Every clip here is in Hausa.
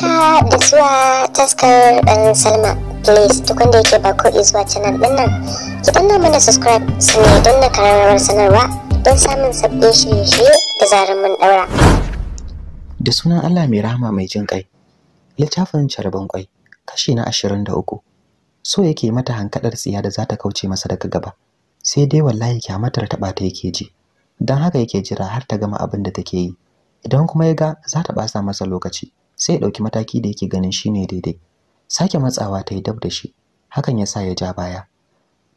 haka da zuwa taskar dan salma please duk wanda yake ba ko zuwa canal din nan ki danna mana subscribe su ne don na kararrawar sanarwa don samun sabbin shirye-shirye da zarar mun daura da sunan allah mai rahama mai jin kai littafin carban kwai kashi na ashirin da uku so yake mata hankalar tsiya da za ta kauce masa daga gaba sai dai wallahi kyamatar ta ta yake ji don haka yake jira har ta gama abin da take yi idan kuma ya ga za ta ɓasa masa lokaci sai ya ɗauki mataki da yake ganin shine daidai sake matsawa ta yi dab da shi hakan ya sa ya ja baya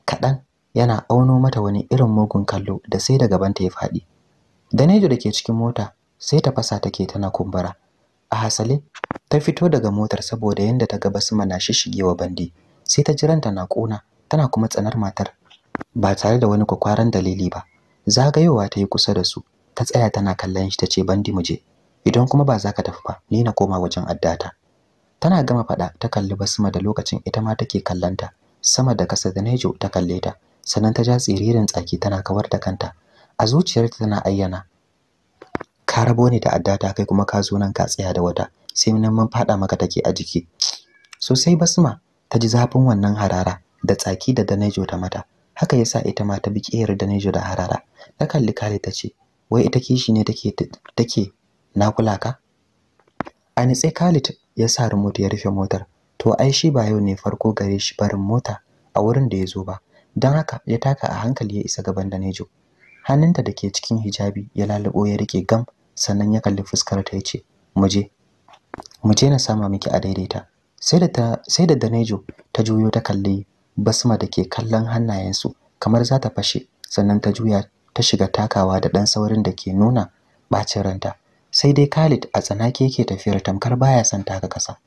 kaɗan yana auno mata wani irin mugun kallo da sai da gabanta ya faɗi danejo da ke cikin mota sai ta fasa take tana kumbura a hasale ta fito daga motar saboda yanda ta ga basma na shishigewa bandi sai ta jiranta na kona, tana kuma tsanar matar ba tare da wani kwakwaran dalili ba zagayowa ta yi kusa da su ta tsaya tana kallon shi ta ce bandi mu je idan kuma ba za ka tafi ba ni na koma wajen addata tana gama faɗa ta kalli basma da lokacin ita ma take kallanta sama da kasa da nejo ta kalle ta sannan ta ja tsiririn tsaki tana kawar da kanta a zuciyarta tana ayyana ka rabo ne da addata kai kuma ka zo nan ka tsaya da wata sai nan mun faɗa maka take a jiki sosai basma ta ji zafin wannan harara da tsaki da danejo ta mata haka yasa ita ma ta bi ƙiyar danejo da harara ta kalli kare ta ce wai ita kishi ne take take na kula ka a nitse Khalid ya sa remote ya rufe motar to ai shi ba yau ne farko gare shi barin mota a wurin da ya zo ba dan haka ya taka a hankali ya isa gaban Danejo hannunta da ke cikin hijabi ya lalubo ya rike gam sannan ya kalli fuskar ta yace muje muje na sama miki a daidaita sai da ta sai da Danejo ta juyo ta kalli basma da ke kallon hannayensu kamar za ta fashe sannan ta juya ta shiga takawa da dan saurin da ke nuna bacin ranta sai dai Khalid a tsanake yake tafiyar tamkar baya son ga kasa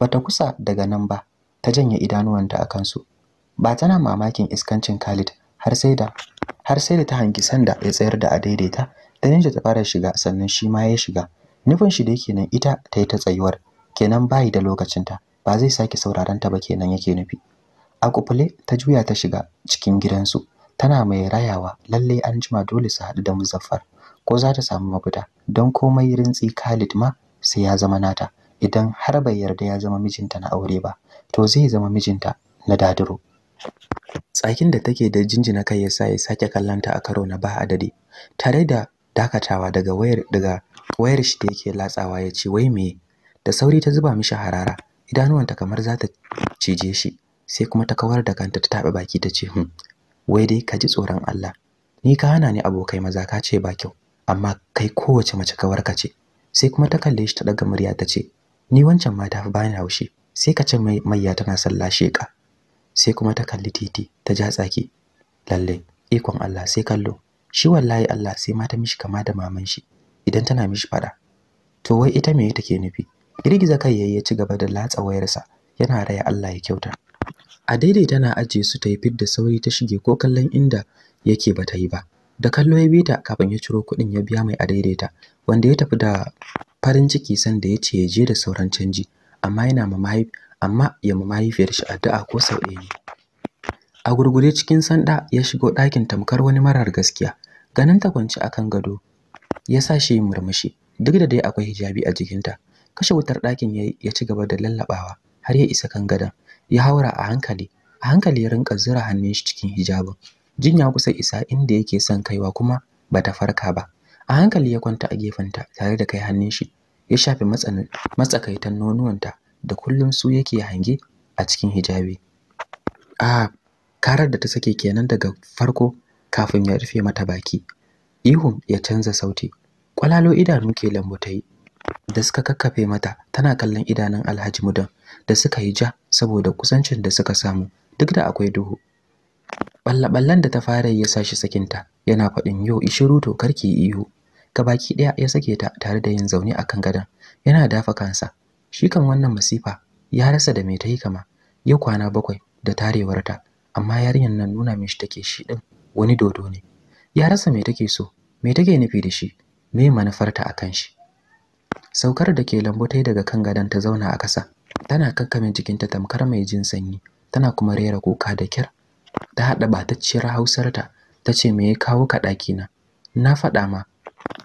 bata kusa daga nan ba ta janye idanuwanta a kansu ba tana mamakin iskancin Khalid har sai da har sai da ta hangi sanda ya tsayar da a daidaita da ninja ta fara shiga sannan shi ma ya shiga nufin shi da kenan ita ta yi ta tsayuwar kenan bayi da lokacinta ba zai sake sauraron ta ba kenan yake nufi a kufule ta juya ta shiga cikin gidansu tana mai rayawa lalle an jima dole su haɗu da muzaffar ko za ta samu mafita don komai rintsi Khalid ma sai ya zama nata idan har bai yarda ya zama mijinta na aure ba to zai zama mijinta na dadiro tsakin da take da jinjina kai ya sa ya sake kallanta a karo na ba adadi tare da dakatawa daga wayar daga wayar shi da yake latsawa ya ce wai me da sauri ta zuba mishi harara idanuwanta kamar za ta cije shi sai kuma ta kawar da kanta ta taɓa baki ta ce hmm, wai dai ka ji tsoron Allah ni ka hana ni abokai maza ka ce ba kyau amma kai kowace mace kawarka ce sai kuma ta kalle shi ta daga murya ta ce ni wancan mata ba bani haushi sai ka ce mai mayya tana sallah sheka sai kuma ta kalli titi ta ja tsaki lalle ikon Allah sai kallo shi wallahi Allah sai mata mishi kama da maman shi idan tana mishi fada to wai ita me take nufi girgiza kai yayi ya ci gaba da latsa wayarsa yana raya Allah ya kyauta a daidai tana aje su ta yi fidda sauri ta shige ko kallon inda yake bata yi ba da kallo ya bita kafin ya ciro kuɗin ya biya mai adaidaita wanda ya tafi da farin ciki sanda ya ce ya je da sauran canji amma yana mamaye amma ya fiye shi addu'a ko sau ɗaya a gurgure cikin sanda ya shigo ɗakin tamkar wani marar gaskiya ganin ta kwance akan gado ya sa shi murmushi duk da dai akwai hijabi a jikinta kashe wutar ɗakin ya ci gaba da lallaɓawa har ya isa kan gadon ya haura a hankali a hankali ya rinka zura hannun shi cikin hijabin Jinya kusa isa inda yake son kaiwa kuma bata farka ba a hankali ya kwanta a gefenta tare da kai hannun shi ya shafe matsakaitan nonuwanta da kullum su yake hange a cikin hijabi a karar da ta sake kenan daga farko kafin ya rufe mata baki ihun ya canza sauti kwalalo idanu ke lambu da suka kakkafe mata tana kallon idanun alhaji mudan da suka yi ja saboda kusancin da suka samu duk da akwai duhu ballaballan da ta fara ya sa shi sakinta yana faɗin yo ishiru to karki iyo baki ɗaya ya sake ta tare da yin zaune akan gadon yana dafa kansa shi kan wannan masifa ya rasa da me ta kama ya kwana bakwai da tarewar ta, amma yarinyar nan nuna mishi take shi din wani dodo ne ya rasa me take so me take nufi da shi me manufarta akan shi saukar da ke lambu tai daga kan gadon ta zauna a kasa tana kakkamin jikinta tamkar mai jin sanyi tana kuma rera kuka da kyar ta haɗa batacciyar hausarta ta ce me ya kawo ka ɗakina na faɗa ma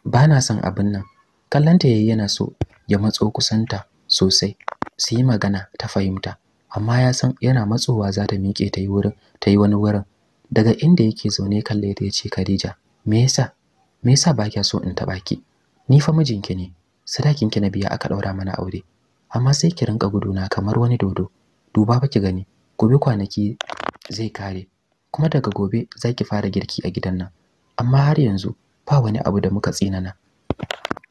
ba na son abin nan kallanta yayi yana so ya matso kusanta sosai su yi magana ta fahimta amma ya san yana matsowa za ta miƙe ta yi wurin ta yi wani wurin daga inda yake zaune kalle ta ya ce Khadija me yasa me yasa ba kya so in taɓa ki ni fa mijinki ne sadakin ki na biya aka ɗaura mana aure amma sai ki rinka guduna kamar wani dodo duba ba ki gani gobe kwanaki zai kare kuma daga gobe za ki fara girki a gidan nan amma har yanzu ba wani abu da muka tsina na.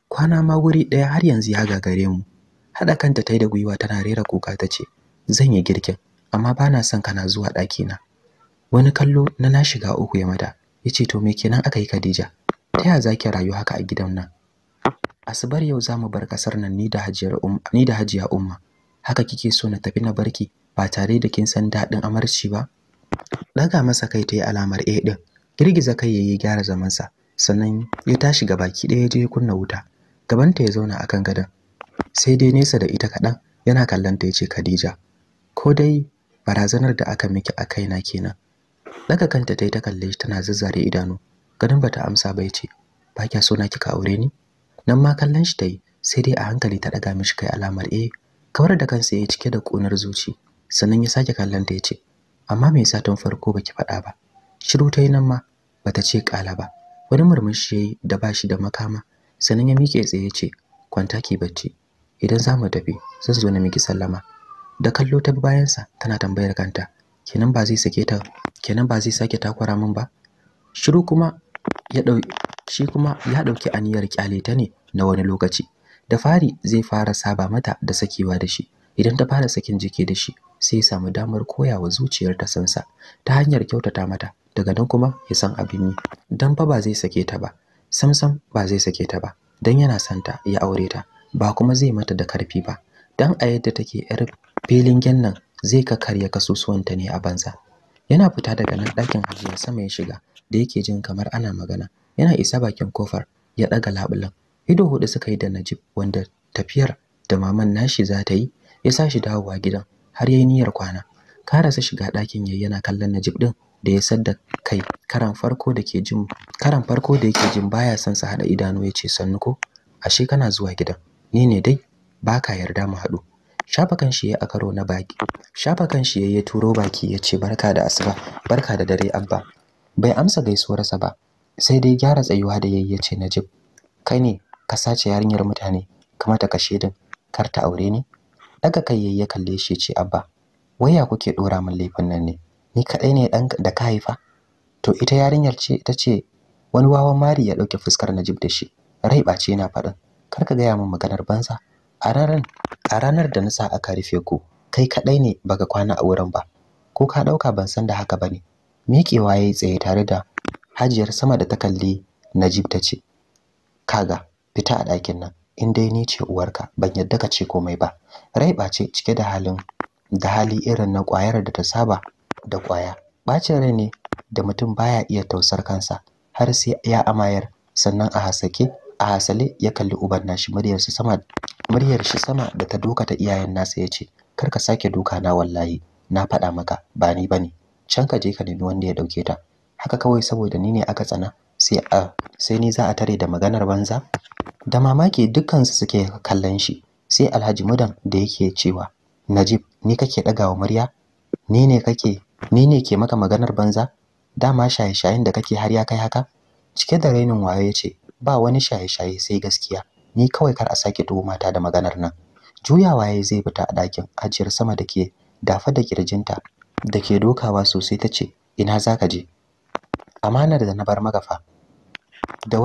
kwana ma wuri ɗaya har yanzu ya gagare mu haɗa kanta ta da gwiwa tana rera kuka ta ce zan yi girkin amma ba na son kana zuwa na. wani kallo na na shiga uku ya mata ya ce to me kenan aka yi khadija ta ya zaki rayu haka a gidan nan Asabar yau za mu bar kasar nan ni da hajiyar umma ni da hajiya umma haka kike so na tafi na barki ba tare da kin san daɗin amarci ba daga masa kai ta yi alamar A eh din girgiza kai yayi gyara zaman sa sannan ya tashi gaba ɗaya ya je kunna wuta gabanta ya zauna akan gadon sai dai nesa da ita kaɗan yana kallon ta yace Khadija ko dai barazanar da aka miki a kaina kenan daga kanta tayi ta kalle shi tana zazzare idanu gadon bata amsa ba yace ba kya so na kika aure ni nan ma kallon shi tayi sai dai a hankali ta daga mishi kai alamar eh kawar da kansa ya cike da ƙunar zuci sannan ya sake kallon ta yace amma me yasa tun farko baki faɗa ba shiru ta yi nan ma bata ce ƙala ba wani murmushi yayi da bashi da makama sannan ya miƙe tsaye ce kwanta ki bacci idan za mu tafi zan zo na miki sallama da kallo ta bayansa tana tambayar kanta kenan ba zai sake ta kenan ba zai sake takura min ba shiru kuma ya dau shi kuma ya dauki aniyar kyale ta ne na wani lokaci da fari zai fara saba mata da sakewa da shi idan ta fara sakin jiki da shi sai ya samu damar koyawa zuciyar ta sansa ta hanyar kyautata mata daga nan kuma ya san abin yi dan fa ba zai sake ta ba samsam ba zai sake ta ba dan yana santa ya aure ta ba kuma zai mata da karfi ba dan a yadda take yar filin nan zai ka karya kasusuwanta ne a banza yana fita daga nan ɗakin hajiya sama ya shiga da yake jin kamar ana magana yana isa bakin kofar ya ɗaga labulan ido hudu suka yi da najib wanda tafiyar da maman nashi za ta yi ya sa shi dawowa gidan har yayi niyyar kwana Ka rasa shiga ɗakin yayi yana kallon Najib din da ya sadda kai karan farko da ke jin karan farko da yake jin baya son sa hada idanu yace sannu ko ashe kana zuwa gidan ni ne dai baka yarda mu haɗu shafa kanshi yayi a karo na baki shafa kan yayi ya turo baki yace barka da asuba barka da dare abba bai amsa gaisuwarsa ba sai dai gyara tsayuwa da yayi yace Najib kai ne ka sace yarinyar mutane kamata kashe din? kar ta aure ni daga kai yayi ya kalle shi ce abba ya kuke dora min laifin nan ne ni kadai ne dan da ka haifa to ita yarinyar ce ta ce wani wawan mari ya dauke fuskar Najib da shi rai bace na faɗin kar ka gaya min maganar banza a ranar a ranar da na sa aka rufe ku kai kadai ne baka kwana a wurin ba ko ka dauka ban san da haka bane miƙewa yayi tsaye tare da hajiyar sama da ta kalli Najib ta ce kaga fita a ɗakin nan in dai ni ce uwarka ban yadda ka ce komai ba rai ce cike da halin da hali irin na kwayar da ta saba da kwaya. Bace rai ne da mutum baya iya tausar kansa har sai ya amayar sannan a hasake a hasale ya kalli uban nashi muryar shi sama muryar shi sama da ta doka ta iyayen nasa yace kar ka sake doka na wallahi na faɗa maka ba ni bane can ka je ka nemi wanda ya dauke ta haka kawai saboda ni ne aka tsana sai a sai ni za a tare da maganar banza da mamaki dukkansu suke kallon shi sai alhaji mudan da yake cewa najib ni kake dagawa murya ni ne kake ni ne ke maka maganar banza dama shaye-shayen da kake har ya kai haka cike da rainin wayo ya ce ba wani shaye-shaye sai gaskiya ni kawai kar a sake mata da maganar nan juyawa ya zai fita a ɗakin ajiyar sama da ke dafa da kirjinta da ke dokawa sosai ta ce ina za ka je amanar da na bar magafa da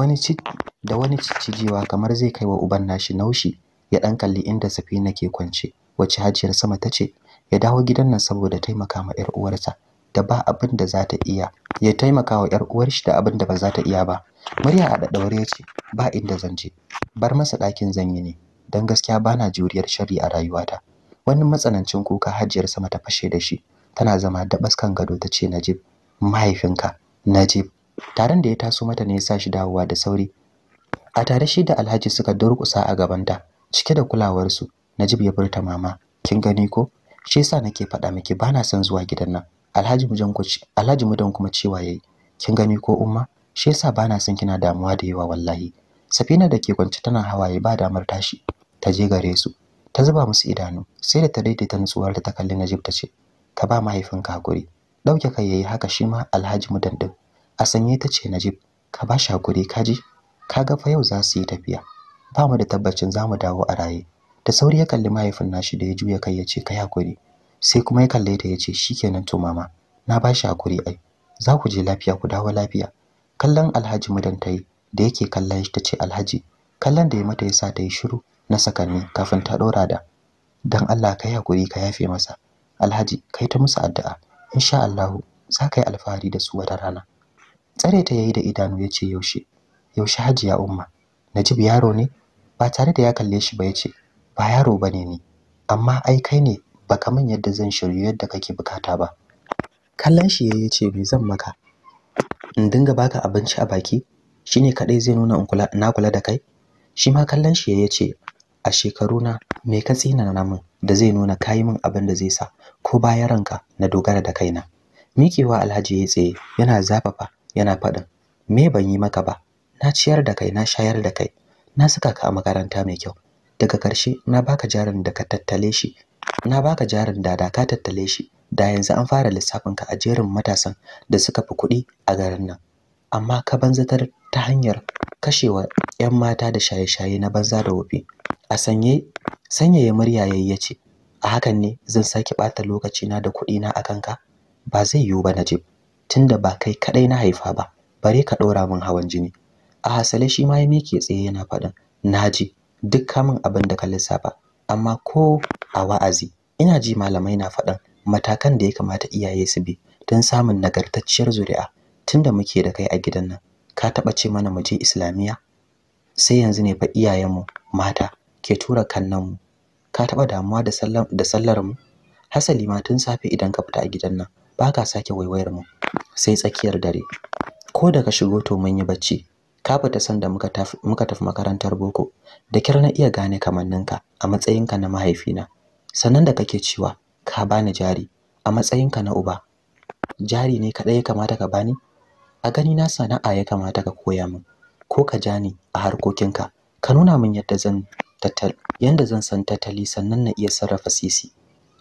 wani ciccijewa kamar zai kai wa uban nashi naushi ya ɗan kalli inda Safina ke kwance wace hajiyar sama ta ce ya dawo gidan nan saboda taimaka ma yar uwarsa da ba abin da za ta iya ya taimaka wa yar uwar shi da abin da ba za ta iya ba murya a ya ce ba inda zan je bar masa ɗakin zanyi ne don gaskiya bana juriyar sharri a rayuwata wani matsanancin kuka hajiyar sama ta fashe da shi tana zama dabas kan gado ta ce Najib mahaifinka Najib taron da ya taso mata ne ya sa shi dawowa da sauri a tare shi da Alhaji suka durƙusa a gabanta cike da kulawarsu Najib ya furta mama kin gani ko shi yasa nake faɗa miki bana son zuwa gidan nan Alhaji mujan Alhaji mudan kuma cewa yayi kin gani ko umma shi yasa bana son kina damuwa da yawa wallahi Safina da ke kwance tana hawaye ba damar tashi ta je gare su ta zuba musu idanu sai da ta daidaita nutsuwar da ta kalli Najib ta ce ka ba mahaifinka hakuri dauke kai yayi haka shi ma Alhaji mudan din a sanye ta ce najib ka ba shi hakuri ka ji ka ga fa yau za su yi tafiya ba mu da tabbacin za mu dawo a raye da sauri ya kalli mahaifin nashi da ya juya kai ya ce kai hakuri sai kuma ya kalle ta ya ce shikenan to mama na ba shi hakuri ai za ku je lafiya ku dawo lafiya kallon alhaji mudan ta yi da yake kallon shi ta ce alhaji kallon da ya mata ya sa ta yi shiru na sakanni kafin ta ɗora da dan Allah ka yi hakuri ka yafe masa alhaji kai ta musu addu'a insha Allah za ka yi alfahari da su wata rana tsare ta yayi da idanu ya ce yaushe yaushe hajiya umma najib yaro ne ba tare da ya kalle shi ba ya ce ba yaro bane ni amma ai kai ne baka min yadda zan shiryu yadda kake bukata ba kallon shi yayi ya ce me zan maka in dinga baka abinci a baki shine kadai zai nuna in kula na kula da kai shi ma kallon shi yayi ce a shekaru na me ka tsina na mun da zai nuna kayi min abin da zai sa ko bayan ranka na dogara da kaina mikewa alhaji ya tsaye yana zafafa yana faɗin me ban yi maka ba na ciyar da kai na shayar da kai na saka ka a makaranta mai kyau daga karshe na baka jarin da ka tattale shi na baka jarin da da ka tattale shi da yanzu an fara lissafin ka a jerin matasan da suka fi kuɗi a garin nan amma ka banzatar ta hanyar kashewa 'yan mata da shaye-shaye na banza da wofi a sanye sanyaye murya yayi yace a hakan ne zan sake ɓata lokacina da kuɗina a ka ba zai yiwu ba najib tunda ba kai kadai na haifa ba bare ka ɗora min hawan jini a hasale shi ma ya mike tsaye yana faɗin naji duk kamun abin da ka lissafa amma ko a wa'azi ina ji malamai na faɗan matakan da ya kamata iyaye su bi don samun nagartacciyar zuri'a tunda muke da kai a gidan nan ka taba ce mana mu je islamiyya sai yanzu ne fa iyayenmu mata ke tura kannanmu ka taɓa damuwa da sallar mu hasali ma tun safe idan ka fita a gidan nan ba ka sake waiwayar mu sai tsakiyar dare ko da ka shigo to mun yi bacci ka fita san da muka tafi muka tafi makarantar boko da kyar na iya gane kamanninka a matsayinka na mahaifina sannan da kake cewa ka bani jari a matsayinka na uba jari ne kadai ya kamata ka bani a gani na sana'a ya kamata ka koya min ko ka ja ni a harkokinka ka nuna min yadda zan tattal yanda zan san tattali sannan na iya sarrafa sisi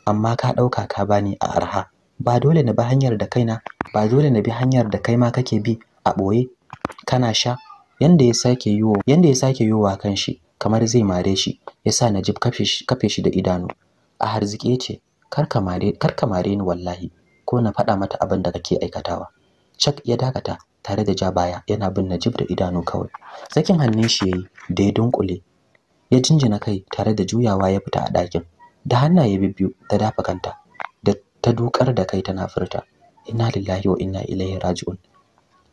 amma ka ɗauka ka bani a arha ba dole na bi hanyar da kaina ba dole na bi hanyar da kai ma kake bi a ɓoye kana sha yanda ya sake yiwo yanda ya sake yiwowa kan shi kamar zai mare shi yasa Najib kafe shi da idanu a harzike ce kar ka mare kar mare ni wallahi ko na faɗa mata abin da kake aikatawa chak ya dakata tare da ja baya yana bin Najib da idanu kawai sakin hannun shi yayi da ya dunkule ya jinjina kai tare da juyawa ya fita a ɗakin da hannaye bibbiyu ta dafa kanta ta dukar da kai tana furta inna lillahi wa inna ilaihi raji'un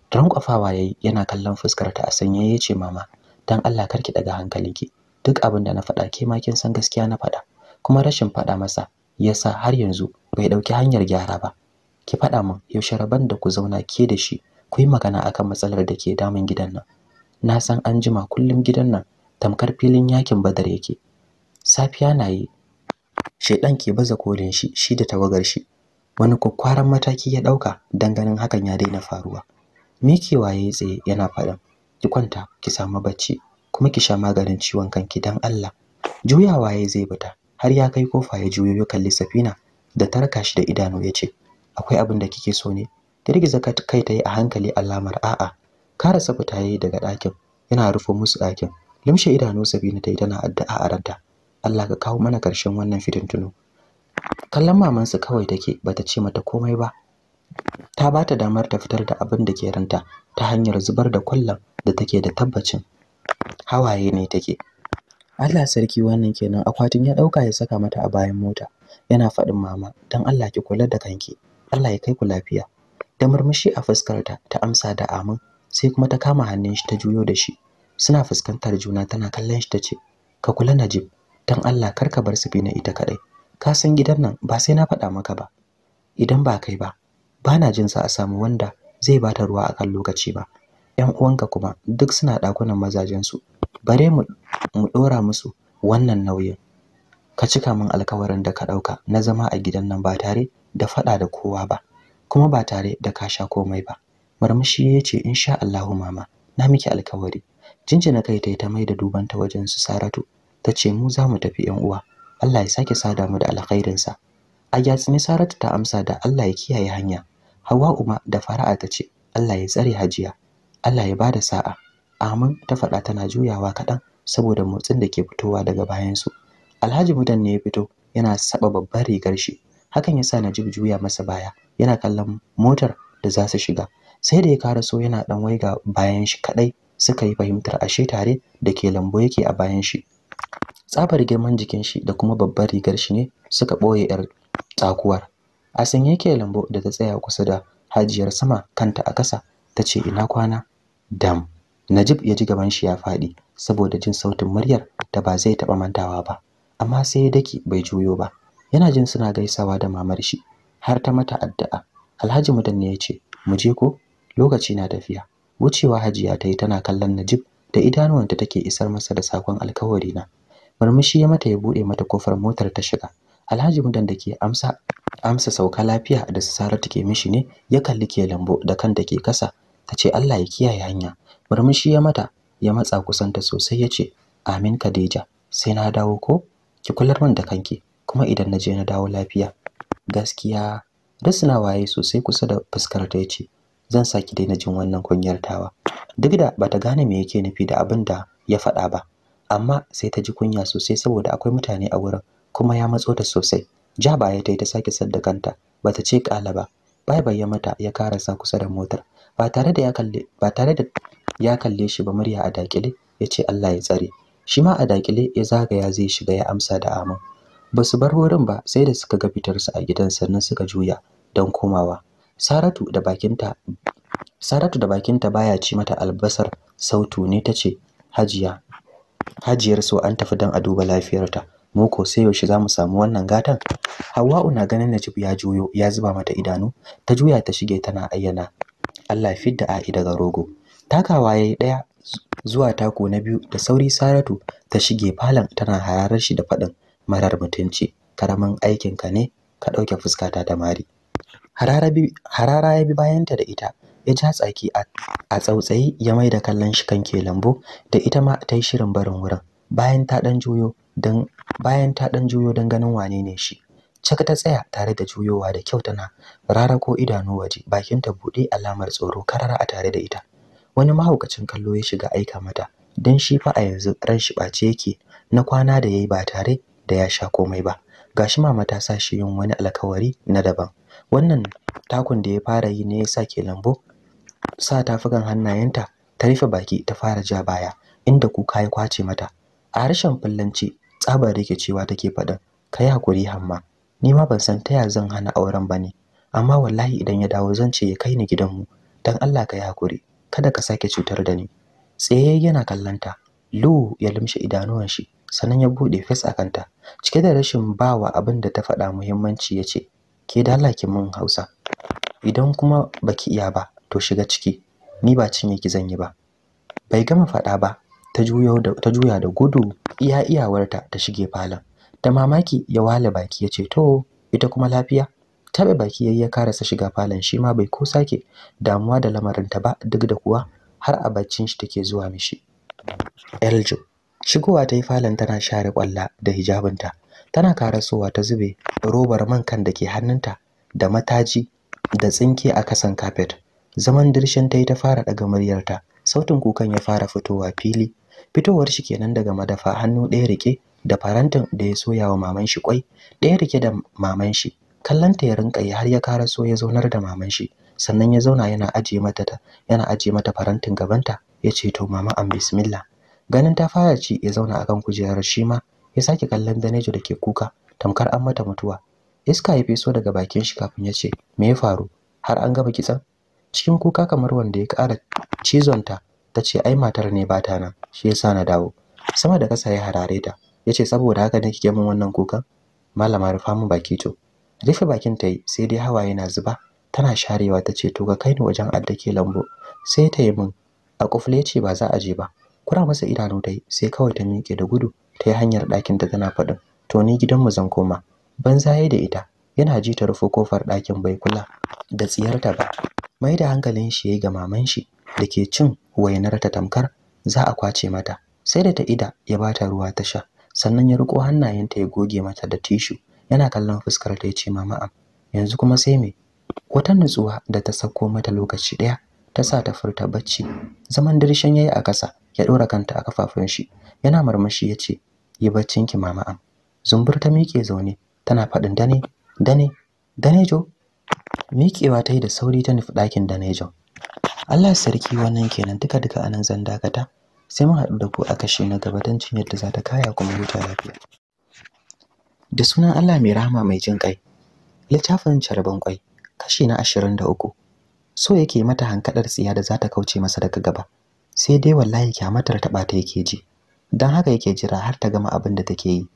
rankwafawa yayi yana kallon fuskar ta a sanye yace mama dan Allah kar karki daga hankalinki duk abin da na faɗa ke ma kin san gaskiya na faɗa kuma rashin faɗa masa yasa har yanzu bai dauki hanyar gyara ba ki faɗa min yaushe rabon da ku zauna ke da shi ku yi magana akan matsalar da ke damun gidan nan na san an jima kullum gidan nan tamkar filin yakin badar yake safiya na yi shedan ke baza kolin shi shi da tawagar shi wani kwakwaran mataki ya dauka dan ganin hakan ya daina faruwa mikewa waye tsaye yana faɗin ki kwanta ki samu bacci kuma ki sha maganin ciwon kanki dan Allah juyawa waye zai bata, har ya kai kofa ya juyo ya kalli Safina da tarka shi da idanu ya ce akwai abin da kike so ne girgiza kai ta yi a hankali alamar a'a karasa fita yayi daga ɗakin yana rufe musu ɗakin limshe idanu Safina ta tana addu'a a ranta Allah ka kawo mana ƙarshen wannan fitintunu kallon mamansu kawai take bata ce mata komai ba ta bata damar ta fitar da abin da ke ranta ta hanyar zubar da kwallon da take da tabbacin hawaye ne take Allah sarki wannan kenan akwatin ya ɗauka ya saka mata a bayan mota yana faɗin mama don Allah ki kula da kanki Allah ya kai ku lafiya da murmushi a fuskarta ta amsa da amin sai kuma ta kama hannun shi ta juyo da shi suna fuskantar juna tana kallon shi ta ce, ka kula Najib dan Allah kar ka bar su bi na ita kadai ka san gidan nan ba sai na faɗa maka ba idan ba kai ba bana jin sa a samu wanda zai bata ruwa a kan lokaci ba ƴan uwanka kuma duk suna ɗakunan mazajen su bare mu mu dora musu wannan nauyin ka cika min alkawarin da ka dauka na zama a gidan nan ba tare da faɗa da kowa ba kuma ba tare da ka sha komai ba murmushi ya ce insha Allahu mama na miki alkawari jinjina kai ta yi ta mai da duban ta wajen su Saratu ta ce mu za mu tafi yan uwa Allah ya sake sada mu da alkhairinsa a yatsini saratu ta amsa da Allah ya kiyaye hanya hawa uma da fara'a ta ce Allah ya tsare hajiya Allah ya bada sa'a amin ta faɗa tana juyawa kaɗan saboda motsin da ke fitowa daga bayansu alhaji mudan ne ya fito yana saba babbar rigar shi hakan yasa najib juya masa baya yana kallon motar da za su shiga sai da ya karaso yana ɗan waiga bayan shi kaɗai, suka yi fahimtar ashe tare da ke lambo yake a bayan shi tsabar girman jikin shi da kuma babbar rigar shi ne suka ɓoye yar tsakuwar a sanye yake lambo da ta tsaya kusa da hajiyar sama kanta a kasa ta ce ina kwana dam najib ya ji gaban shi ya faɗi saboda jin sautin muryar da ba zai taɓa mantawa ba amma sai ya dake bai juyo ba yana jin suna gaisawa da mamar shi har ta mata addu'a alhaji mudan ne ya ce mu je ko lokaci na tafiya wucewa hajiya ta yi tana kallon najib da idanuwanta take isar masa da sakon alkawari na murmushi ya mata ya buɗe mata kofar motar ta shiga alhaji mudan da ke amsa amsa sauka lafiya da su saratu ke mishi ne ya kalli ke lambo da kanta ke kasa ta ce allah ya kiyaye hanya murmushi ya mata ya matsa kusanta sosai ya ce amin kadeja sai na dawo ko ki kular man da kanki kuma idan na je na dawo lafiya gaskiya rasna waye sosai kusa da fuskar ta yace zan saki daina jin wannan kunyar tawa duk da bata gane me yake nufi da abin da ya faɗa ba amma sai ta ji kunya sosai saboda akwai mutane a wurin kuma ya matso ta sosai ja baya ta yi ta sake sadda kanta bata ce kala ba bai bayya mata ya karasa kusa da motar ba tare da ya kalle ba tare da ya kalle shi ba murya a dakile ya ce Allah ya tsare shi ma a dakile ya zagaya zai shiga ya amsa da amin ba su bar wurin ba sai da suka ga fitarsa a gidan sannan suka juya don komawa saratu da bakinta saratu da bakinta baya ci mata albasar sautu ne tace hajiya Hajiyar so an tafi don a duba lafiyarta. Mu ko sai yaushe za mu samu wannan gatan? Hawwa'u na ganin Najib ya juyo ya zuba mata idanu, ta juya ta shige tana ayyana. Allah fidda a'i daga rogo. Takawa yayi ɗaya zuwa tako na biyu da sauri Saratu ta shige falon tana hararar shi da faɗin marar mutunci. Karamin aikinka ne ka ɗauke fuskata da mari. Harara ya bi bayanta da ita ya ja tsaki a tsautsayi ya mai da kallon shi kan lambu da ita ma ta yi shirin barin wurin bayan ta dan juyo don dan ganin wane ne shi Cika ta tsaya tare da juyowa da kyau tana rarako idanu waje bakin ta buɗe alamar tsoro karara a tare da ita wani mahaukacin kallo ya shiga aika mata don shi fa a yanzu ran shi ɓace yake na kwana da yayi ba tare da ya sha komai ba gashi mama ta sa yin wani alkawari na daban wannan takun da ya fara yi ne ya sa ke lambo sa tafukan hannayenta ta rufe baki ta fara ja baya inda kuka ya kwace mata a harshen fullanci tsabar rikicewa take faɗin kai hakuri hamma ni ma ban san taya zan hana auren ba ne amma wallahi idan ya dawo zan ce ya kai ni gidanmu dan Allah ka yi hakuri kada ka sake cutar da ni tsaye yana kallanta lu ya lumshe idanuwan shi sannan ya bude fes a kanta cike da rashin bawa abin da ta faɗa muhimmanci ya ce ke da Allah mun Hausa idan kuma baki iya ba to shiga ciki ni ba cinye ki zan yi ba bai gama faɗa ba ta juyo da ta juya da gudu iya iyawarta ta shige falon da mamaki ya wale baki ya ce to ita kuma lafiya tabe baki yayi ya karasa shiga falon shi ma bai ko sake damuwa da lamarin ta ba duk da kuwa har a baccin shi take zuwa mishi Eljo shigowa ta yi falon tana share kwalla da hijabinta tana karasowa ta zube robar man kan da ke hannunta da mataji da tsinke a kasan kafet zaman dirshin ta yi ta fara daga muryarta sautin kukan ya fara fitowa fili fitowar shi kenan daga madafa hannu ɗaya rike da farantin da ya soya wa maman shi kwai ɗaya rike da maman shi kallon ta ya rinka yi har ya kara so ya zaunar da maman shi sannan ya zauna yana ajiye mata ta yana ajiye mata farantin gabanta ya ce to mama an bismillah ganin ta fara ci ya zauna a kan kujerar shi ma ya sake kallon Danejo da ke kuka tamkar an mata mutuwa iska ya so daga bakin shi kafin ya ce me ya faru har an gaba kitsan cikin kuka kamar wanda ya ƙara cizonta ta ce ai matar ne ba ta nan shi yasa na dawo sama da kasa ya harare ta ya ce saboda haka nake kike min wannan kukan malama rufa mun baki to rufe bakin ta yi sai dai hawa yana zuba tana sharewa ta ce to ga kai ni wajen addake lambu sai ta yi min a kufle ce ba za a je ba kura masa idanu ta sai kawai ta miƙe da gudu ta yi hanyar ɗakin ta tana faɗin to ni gidan mu zan koma banza ya da ita yana ji ta rufe kofar ɗakin bai kula da tsiyarta ba mai da hankalin shi yayi ga maman shi ke cin wainar ta tamkar za a kwace mata sai da ta ida ya bata ruwa ta sha sannan ya riko hannayenta ya goge mata da tishu yana kallon fuskar ta yace mama am yanzu kuma sai me wata nutsuwa da ta sako mata lokaci daya ta sa ta furta bacci zaman dirshin yayi a kasa ya dora kanta a kafafun shi yana marmashi ce yi baccin ki mama am zumbur ta miƙe zaune tana fadin dane dane dane jo miƙewa ta yi da sauri ta nufi ɗakin da na Allah sarki wannan kenan duka duka anan zan dakata sai mun haɗu da ku a kashe na gaba don cin yadda za ta kaya kuma huta lafiya. Da sunan Allah mai rahama mai jin ƙai, littafin carban ƙwai, kashi na ashirin da uku. So yake mata hankaɗar tsiya da za ta kauce masa daga gaba, sai dai wallahi kyamatar ta ta yake ji, don haka yake jira har ta gama abin da take yi.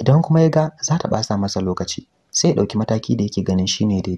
Idan kuma ya ga za ta ɓasa masa lokaci, sai ya ɗauki mataki da yake ganin shi ne daidai.